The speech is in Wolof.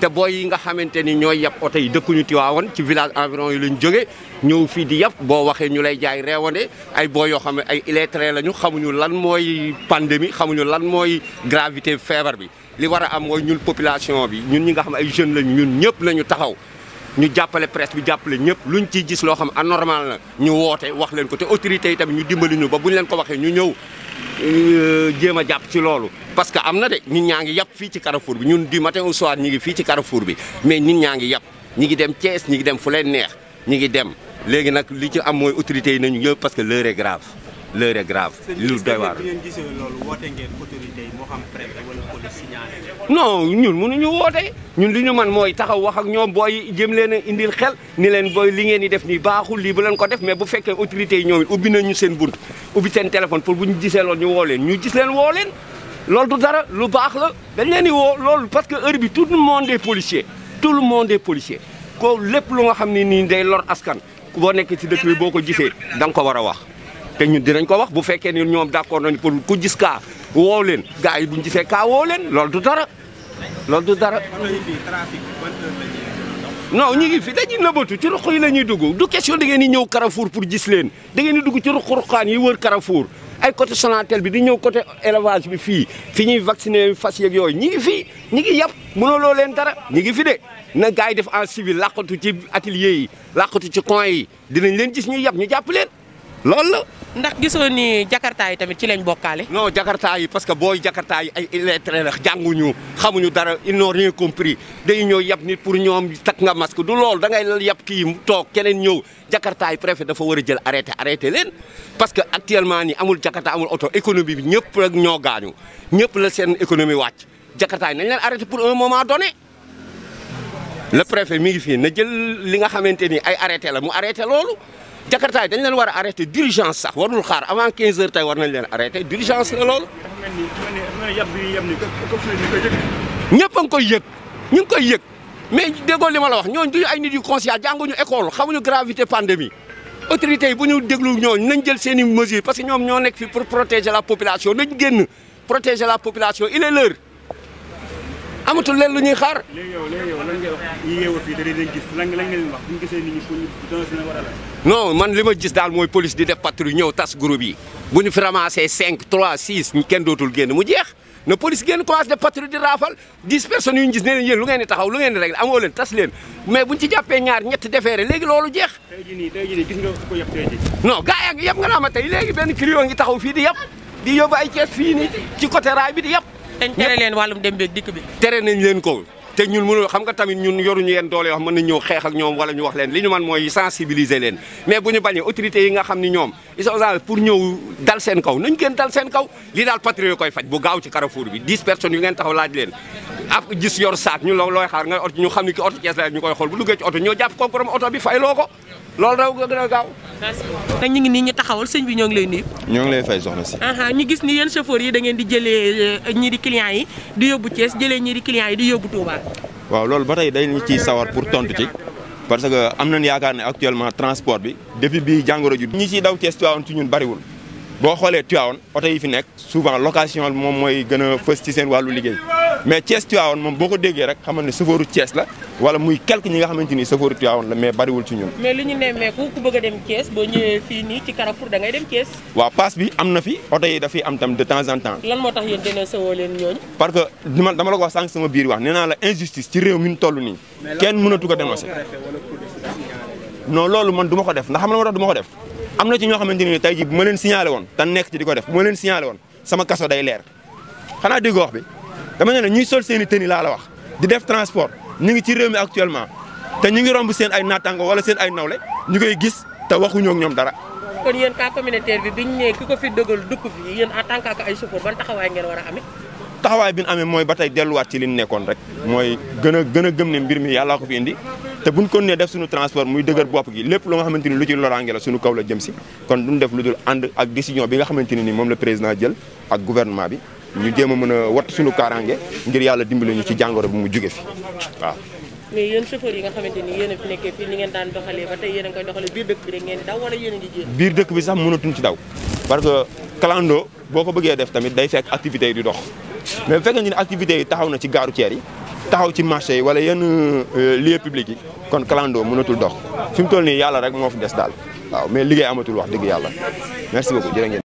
te booy yi nga xamante ni ñoo yab oto yi dëkkuñu Tiwaawan ci village environ yi lañ jóge ñëw fii di yab boo waxee ñu lay jaay reewande ay boo yoo xam ne ay illettrés lañu xamuñu lan mooy pandémie xamuñu lan mooy gravité feebar bi li war a am mooy ñun population bi ñun ñi nga xam ay jeunes lañu ñun ñëpp nañu taxaw ñu jàppale presse bi jàppale ñëpp luñ ci gis loo xam anormal na ñu woote wax leen ko te autorités yi tamit ñu dimbali ñu ba ñu leen ko waxee ñu ñëw Euh, jéem a jàpp ci loolu parce que am na de nit ñaa ngi yàpp fii ci Carrefour bi ñun du matin au soir ngi fii ci Carrefour bi mais ñin ñaa ngi yàpp ñi ngi dem Thiès ñi ngi dem fu leen neex ñi ngi dem léegi nag li ci am mooy autorités yi nañu ñëw parce que l'heure est grave l'heure est grave. lu doy waar non ñun mënuñu woote ñun li ñu man mooy taxaw wax ak ñoom booy jëm leen indil xel ni leen booy li ngeen di def nii baaxul lii bu leen ko def mais bu fekkee autorités yi ñoom it ubbi nañu seen bunt ubbi seen téléphone pour bu ñu gisee loolu ñu woo leen ñu gis leen woo leen. loolu du dara lu baax la dañ leen di woo loolu parce que heure bi tout le monde est policier tout le monde est policier ko lépp lu nga xam ne nii day lor askan boo nekk ci dëkk bi boo ko gisee da nga ko war a wax. te ñun dinañ ko wax bu fekkee ne ñoom d'accord nañ pour ku gis kaa woo leen gars yi buñ gisee kaa woo leen du dara loolu du dara non ñu ngi fi dañuy nëbatu ci ruq yi la ñuy dugg du question da ngeen di ñëw Carrefour pour gis leen da ngeen di dugg ci ruq-ruqaan yi wër Carrefour ay côté Sonatel bi di ñëw côté élevage bi fii fi ñuy vacciné fas yeeg yooyu ñi ngi fii ñi ngi yàpp mënoo loo leen dara ñi ngi fi de na gars yi def en civil làqatu ci atelier yi làqatu ci coin yi dinañ leen gis ñuy yàpp ñu jàpp leen loolu la. ndax gisoo ni jakarta yi tamit ci lañ bokkaale. non jakarta yi parce que booy jakarta yi ay illettrés la jànguñu xamuñu dara ils n'ont rien compris day ñëw yab nit pour ñoom takk nga masque du lool da ngay yab kii mu toog keneen ñëw jakarta yi préfet dafa war a jël arrêté arrêté leen. parce que actuellement nii amul jakarta amul oto économie bi ñëpp rek ñoo gaañu ñëp la seen économie wàcc jakarta nañ leen arrêté pour un moment donné. le préfet mi fi fii na jël li nga xamanteni ay arrêté la mu arrêté lolu Jakarta dañ leen wara a arrêté d'urgence sax warul xaar avant 15 heures tay war nañ leen arrêté d'urgence la loolu. ñëpp a koy yëg ñu koy yëg mais dégo lima la wax ñoo duñu ay nit yu conscient ñu école xamuñu gravité pandémie autorité yi bu ñu déglu ñooñu nañ jël seen mesures parce que ñom ñoo nek fi pour protéger la population nañ génn protéger la population il est l'heure amutul len luñuy xaar. léegi non man lima gis dal moy police di def patrouille ñew tas groupe yi buñu fi ramasser 5 3 6 kenn dootul genn mu jeex na police génn commencé def patrouille di rafal. 10 personnes yu gis neen yeen lu ngeen di taxaw lu ngeen di réglé amoo tas len mais buñ ci jappé ñaar ñett déféré légui lolu jeex. tey jii nii tey jii nii gis nga ko yëpp tey jii. non gaay yaa ngi nga na ma tay légui ben client ngi taxaw fi di yëpp di yóbbu ay kees fii ci côté ray bi di yëpp dañ tere leen wàllum dem beeg dikk bi tere nañ leen ko te ñun mënul xam nga tamit ñun yoruñu yenn doole yoo xam mën nañ ñëw xeex ak ñoom wala ñu wax leen li ñu man mooy sensibiliser leen mais bu ñu bañee autorité yi nga xam ni ñoom ils sont là pour ñëw dal seen kaw nañ gën dal seen kaw li daal patriote koy faj bu gaaw ci carrefour bi dix personnes yu ngeen taxaw laaj leen ak gis yor saak ñu loo looy xaar nga oto ñu xam ne ki oto Thiès la ñu koy xool bu duggee ci oto ñoo jàpp ko borom oto bi fay loo ko loolu raw gaaw. nag ñu ngi nii ñu taxawal sëñ bi ñoo ngi lay nii ñoo ngi lay fay soxna si. ñu gis ni yéen chauffeur yi da ngeen di jëlee euh, ñii di clients yi di yóbbu cees jëlee ñii di clients yi di yóbbu Touba. waaw loolu ba tey dañu ciy sawar pour tont ci parce que am nañu yaakaar ne actuellement transport bi depuis bi jàngoro ji ñi ciy daw Thiès Tivaouane ñun bariwul boo xoolee Tivaouane oto yi fi nekk souvent location moom mooy gën a fës ci seen wàllu liggéey mais Thiès Tivaouane moom boo ko déggee rek xamal ne chauffeuru Thiès la wala muy quelque ñi nga xamante ni chauffeuru Tivaouane la mais bariwul ci ñun. mais li ñu nemmeeku ku bëgg a dem Thiès boo ñëwee fii nii ci Carrefour da dem Thiès. waaw pass bi am na fi oto yi dafay am tam de temps en temps. lan moo tax yéen dénoncé woo leen ñooñu. parce que dama dama la wax sànq sama biir wax nee naa la injustice ci réew mi ñu toll nii. kenn mënatu ko dénoncé. non loolu man du ma ko def ndax xam nga moo tax du ma def am na ci ñoo xamante ni tey ji bu ma leen signalé woon te nekk ci di ko def bu ma woon sama kaso day leer xanaa dégg wax bi dama ne la ñuy sol seeni i tenue laa la wax di def transport ñu ngi ci réew mi actuellement te ñu ngi romb seen ay naataango wala seen ay nawle ñu koy gis te waxuñoo ak ñoom dara. kon yéen cas communautaire bi biñ ne ko fi dëggal dëkk fi yéen en tant que ay chauffeur ban taxawaay ngeen war a amee. taxawaay bi nu ame mooy ba tey delluwaat ci li nekkoon rek mooy gën a gën a gëm ne mbir mi yàllaa ko fi indi te buñ ko nee def suñu transport muy dëgër bopp gi lépp lu nga xamante ni lu ci loraange la suñu kaw la jëm si kon duñ def lu dul ànd ak décision bi nga xamante ne ni moom la président jël ak gouvernement bi ñu jéem a mën a wat suñu kaaraange ngir yàlla dimbali ñu ci jàngoro bi mu jóge fi ngeen daan doxalee biir dëkk bi rek ngeen daw mënatuñ ci daw parce que clando boo ko bëggee def tamit day fekk activités yi di dox mais bu fekkee ñu ne activités yi taxaw na ci gaaru ceer yi taxaw ci marché yi wala yenn euh, lieu public yi kon clando mënatul dox fi mu toll nii yàlla rek moo fi des daal waaw mais liggéey amatul wax dëgg yàlla merci beaucoup jërë ngeen